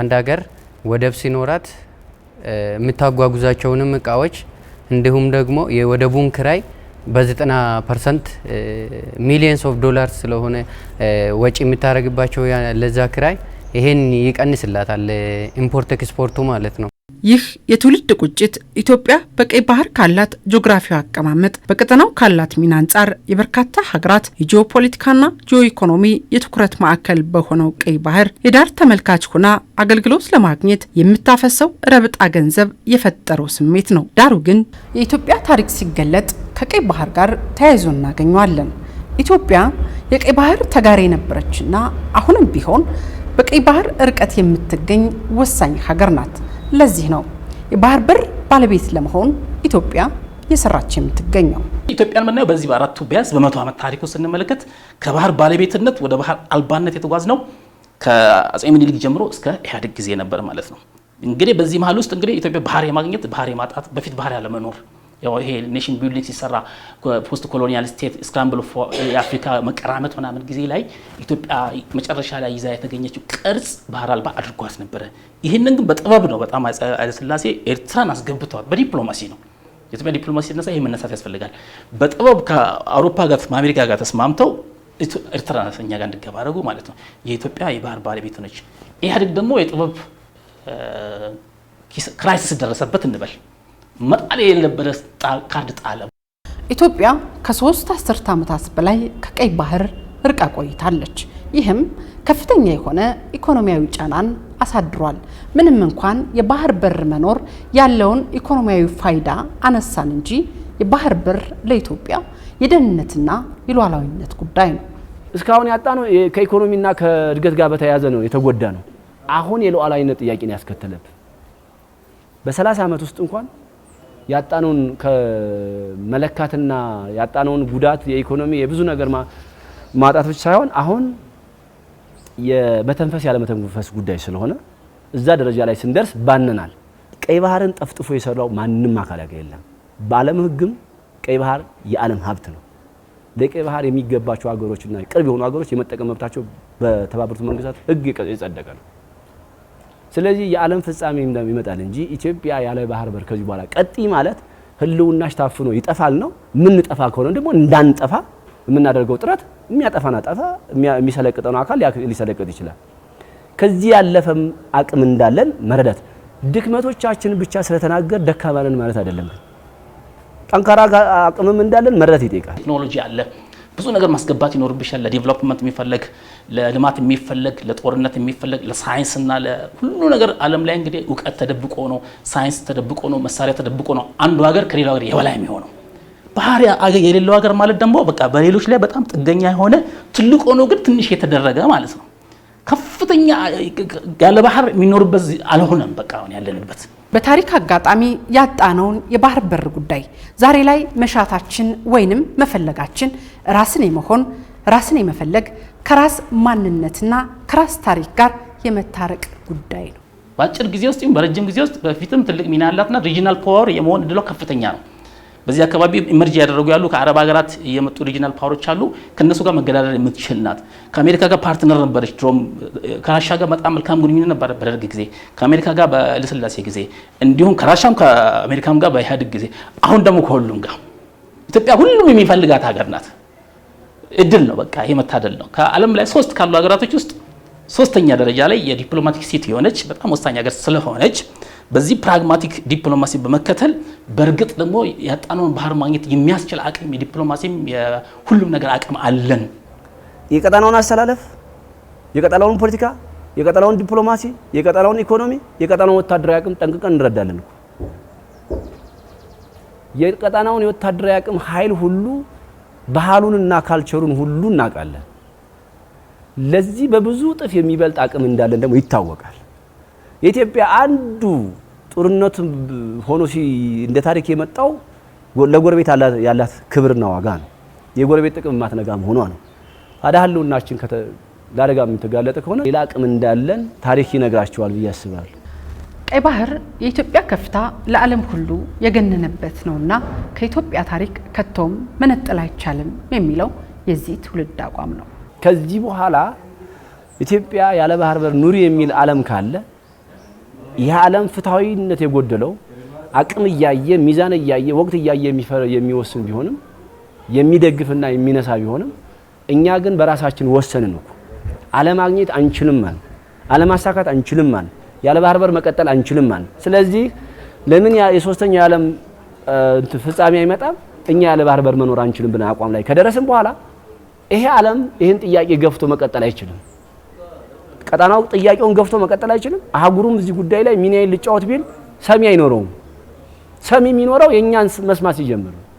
አንድ ሀገር ወደብ ሲኖራት የምታጓጉዛቸውንም እቃዎች እንዲሁም ደግሞ የወደቡን ክራይ በ90 ፐርሰንት ሚሊየንስ ኦፍ ዶላር ስለሆነ ወጪ የምታደርግባቸው ለዛ ክራይ ይሄን ይቀንስላታል። ኢምፖርት ኤክስፖርቱ ማለት ነው። ይህ የትውልድ ቁጭት ኢትዮጵያ በቀይ ባህር ካላት ጂኦግራፊያዊ አቀማመጥ በቀጠናው ካላት ሚና አንጻር የበርካታ ሀገራት የጂኦፖለቲካና ጂኦ ኢኮኖሚ የትኩረት ማዕከል በሆነው ቀይ ባህር የዳር ተመልካች ሆና አገልግሎት ለማግኘት የምታፈሰው ረብጣ ገንዘብ የፈጠረው ስሜት ነው። ዳሩ ግን የኢትዮጵያ ታሪክ ሲገለጥ ከቀይ ባህር ጋር ተያይዞ እናገኘዋለን። ኢትዮጵያ የቀይ ባህር ተጋሪ የነበረችና አሁንም ቢሆን በቀይ ባህር ርቀት የምትገኝ ወሳኝ ሀገር ናት። ለዚህ ነው የባህር በር ባለቤት ለመሆን ኢትዮጵያ የሰራች የምትገኘው። ኢትዮጵያን የምናየው በዚህ በአራቱ ቢያንስ በመቶ ዓመት ታሪኩ ስንመለከት ከባህር ባለቤትነት ወደ ባህር አልባነት የተጓዝ ነው ከአጼ ምኒልክ ጀምሮ እስከ ኢህአዴግ ጊዜ ነበር ማለት ነው። እንግዲህ በዚህ መሀል ውስጥ እንግዲህ ኢትዮጵያ ባህር የማግኘት ባህር የማጣት በፊት ባህር ያለመኖር ይሄ ኔሽን ቢልዲንግ ሲሰራ ፖስት ኮሎኒያል ስቴት ስክራምብል የአፍሪካ መቀራመት ምናምን ጊዜ ላይ ኢትዮጵያ መጨረሻ ላይ ይዛ የተገኘችው ቅርጽ ባህር አልባ አድርጓት ነበረ። ይህንን ግን በጥበብ ነው በጣም ኃይለሥላሴ ኤርትራን አስገብተዋል። በዲፕሎማሲ ነው የኢትዮጵያ ዲፕሎማሲ ሲነሳ ይህ መነሳት ያስፈልጋል። በጥበብ ከአውሮፓ ጋር ከአሜሪካ ጋር ተስማምተው ኤርትራ እኛ ጋር እንድገባ አደረጉ ማለት ነው። የኢትዮጵያ የባህር ባለቤት ነች። ኢህአዴግ ደግሞ የጥበብ ክራይሲስ ደረሰበት እንበል መጣል የነበረ ካርድ ጣለ። ኢትዮጵያ ከሶስት አስርት ዓመታት በላይ ከቀይ ባህር ርቃ ቆይታለች። ይህም ከፍተኛ የሆነ ኢኮኖሚያዊ ጫናን አሳድሯል። ምንም እንኳን የባህር በር መኖር ያለውን ኢኮኖሚያዊ ፋይዳ አነሳን እንጂ የባህር በር ለኢትዮጵያ የደህንነትና የሉዓላዊነት ጉዳይ ነው። እስካሁን ያጣ ነው ከኢኮኖሚና ከእድገት ጋር በተያያዘ ነው የተጎዳ ነው። አሁን የሉዓላዊነት ጥያቄ ያስከተለብ በ30 ዓመት ውስጥ እንኳን ያጣነውን ከመለካትና ያጣነውን ጉዳት የኢኮኖሚ የብዙ ነገር ማጣት ብቻ ሳይሆን አሁን የመተንፈስ ያለመተንፈስ ጉዳይ ስለሆነ እዛ ደረጃ ላይ ስንደርስ ባንናል። ቀይ ባህርን ጠፍጥፎ የሰራው ማንም አካል የለም። በዓለም ሕግም ቀይ ባህር የዓለም ሀብት ነው። ለቀይ ባህር የሚገባቸው ሀገሮችና ቅርብ የሆኑ ሀገሮች የመጠቀም መብታቸው በተባበሩት መንግስታት ሕግ የጸደቀ ነው። ስለዚህ የዓለም ፍጻሜ ይመጣል እንጂ ኢትዮጵያ ያለ ባህር በር ከዚህ በኋላ ቀጢ ማለት ህልውናሽ ታፍኖ ይጠፋል ነው። የምንጠፋ ከሆነ ደግሞ እንዳንጠፋ የምናደርገው ጥረት የሚያጠፋን አጠፋ፣ የሚሰለቅጠን አካል ሊሰለቅጥ ይችላል። ከዚህ ያለፈም አቅም እንዳለን መረዳት። ድክመቶቻችን ብቻ ስለተናገር ደካማ ነን ማለት አይደለም። ጠንካራ አቅምም እንዳለን መረዳት ይጠይቃል። ቴክኖሎጂ አለ። ብዙ ነገር ማስገባት ይኖርብሻል። ለዲቨሎፕመንት የሚፈለግ ለልማት የሚፈለግ ለጦርነት የሚፈለግ ለሳይንስና ለሁሉ ነገር ዓለም ላይ እንግዲህ እውቀት ተደብቆ ነው፣ ሳይንስ ተደብቆ ነው፣ መሳሪያ ተደብቆ ነው አንዱ ሀገር ከሌላው ሀገር የበላይ የሚሆነው። ባህሪ የሌለው ሀገር ማለት ደግሞ በቃ በሌሎች ላይ በጣም ጥገኛ የሆነ ትልቅ ሆኖ ግን ትንሽ የተደረገ ማለት ነው። ከፍተኛ ያለ ባህር የሚኖርበት አልሆነም። በቃ አሁን ያለንበት በታሪክ አጋጣሚ ያጣነውን የባህር በር ጉዳይ ዛሬ ላይ መሻታችን ወይንም መፈለጋችን ራስን የመሆን ራስን የመፈለግ ከራስ ማንነትና ከራስ ታሪክ ጋር የመታረቅ ጉዳይ ነው። በአጭር ጊዜ ውስጥ በረጅም ጊዜ ውስጥ በፊትም ትልቅ ሚና ያላትና ሪጂናል ፓወር የመሆን እድሏ ከፍተኛ ነው። በዚህ አካባቢ ኢመርጅ ያደረጉ ያሉ ከአረብ ሀገራት የመጡ ሪጂናል ፓወሮች አሉ። ከእነሱ ጋር መገዳደር የምትችል ናት። ከአሜሪካ ጋር ፓርትነር ነበረች። ድሮም ከራሻ ጋር በጣም መልካም ግንኙነት ነበረ በደርግ ጊዜ፣ ከአሜሪካ ጋር በልስላሴ ጊዜ፣ እንዲሁም ከራሻም ከአሜሪካም ጋር በኢህአዴግ ጊዜ፣ አሁን ደግሞ ከሁሉም ጋር ኢትዮጵያ ሁሉም የሚፈልጋት ሀገር ናት። እድል ነው። በቃ ይሄ መታደል ነው። ከዓለም ላይ ሶስት ካሉ ሀገራቶች ውስጥ ሶስተኛ ደረጃ ላይ የዲፕሎማቲክ ሲት የሆነች በጣም ወሳኝ ሀገር ስለሆነች በዚህ ፕራግማቲክ ዲፕሎማሲ በመከተል በእርግጥ ደግሞ ያጣነውን ባህር ማግኘት የሚያስችል አቅም የዲፕሎማሲም የሁሉም ነገር አቅም አለን። የቀጠናውን አስተላለፍ፣ የቀጠናውን ፖለቲካ፣ የቀጠናውን ዲፕሎማሲ፣ የቀጠናውን ኢኮኖሚ፣ የቀጠናውን ወታደራዊ አቅም ጠንቅቀን እንረዳለን። የቀጠናውን የወታደራዊ አቅም ኃይል ሁሉ ባህሉንና ካልቸሩን ሁሉ እናውቃለን። ለዚህ በብዙ እጥፍ የሚበልጥ አቅም እንዳለን ደግሞ ይታወቃል። የኢትዮጵያ አንዱ ጦርነት ሆኖ እንደ ታሪክ የመጣው ለጎረቤት ያላት ክብርና ዋጋ ነው። የጎረቤት ጥቅም ማትነጋ መሆኗ ነው። ታዲያ ህልውናችን ለአደጋ የምትጋለጥ ከሆነ ሌላ አቅም እንዳለን ታሪክ ይነግራቸዋል ብዬ አስባለሁ። ቀይ ባህር የኢትዮጵያ ከፍታ ለዓለም ሁሉ የገነነበት ነውና ከኢትዮጵያ ታሪክ ከቶም መነጠል አይቻልም የሚለው የዚህ ትውልድ አቋም ነው። ከዚህ በኋላ ኢትዮጵያ ያለ ባህር በር ኑሪ የሚል ዓለም ካለ ይህ ዓለም ፍትሐዊነት የጎደለው አቅም እያየ ሚዛን እያየ ወቅት እያየ የሚወስን ቢሆንም የሚደግፍና የሚነሳ ቢሆንም እኛ ግን በራሳችን ወሰንን እኮ አለማግኘት አንችልም ማለት አለማሳካት አንችልም ማለት ያለ ባህር በር መቀጠል አንችልም ማለት ስለዚህ ለምን የሶስተኛ የዓለም ፍጻሜ አይመጣም እኛ ያለ ባህር በር መኖር አንችልም ብለን አቋም ላይ ከደረስን በኋላ ይሄ ዓለም ይህን ጥያቄ ገፍቶ መቀጠል አይችልም። ቀጠናው ጥያቄውን ገፍቶ መቀጠል አይችልም። አህጉሩም እዚህ ጉዳይ ላይ ሚናዬን ልጫወት ቢል ሰሚ አይኖረውም። ሰሚ የሚኖረው የእኛን መስማት ሲጀምር ነው።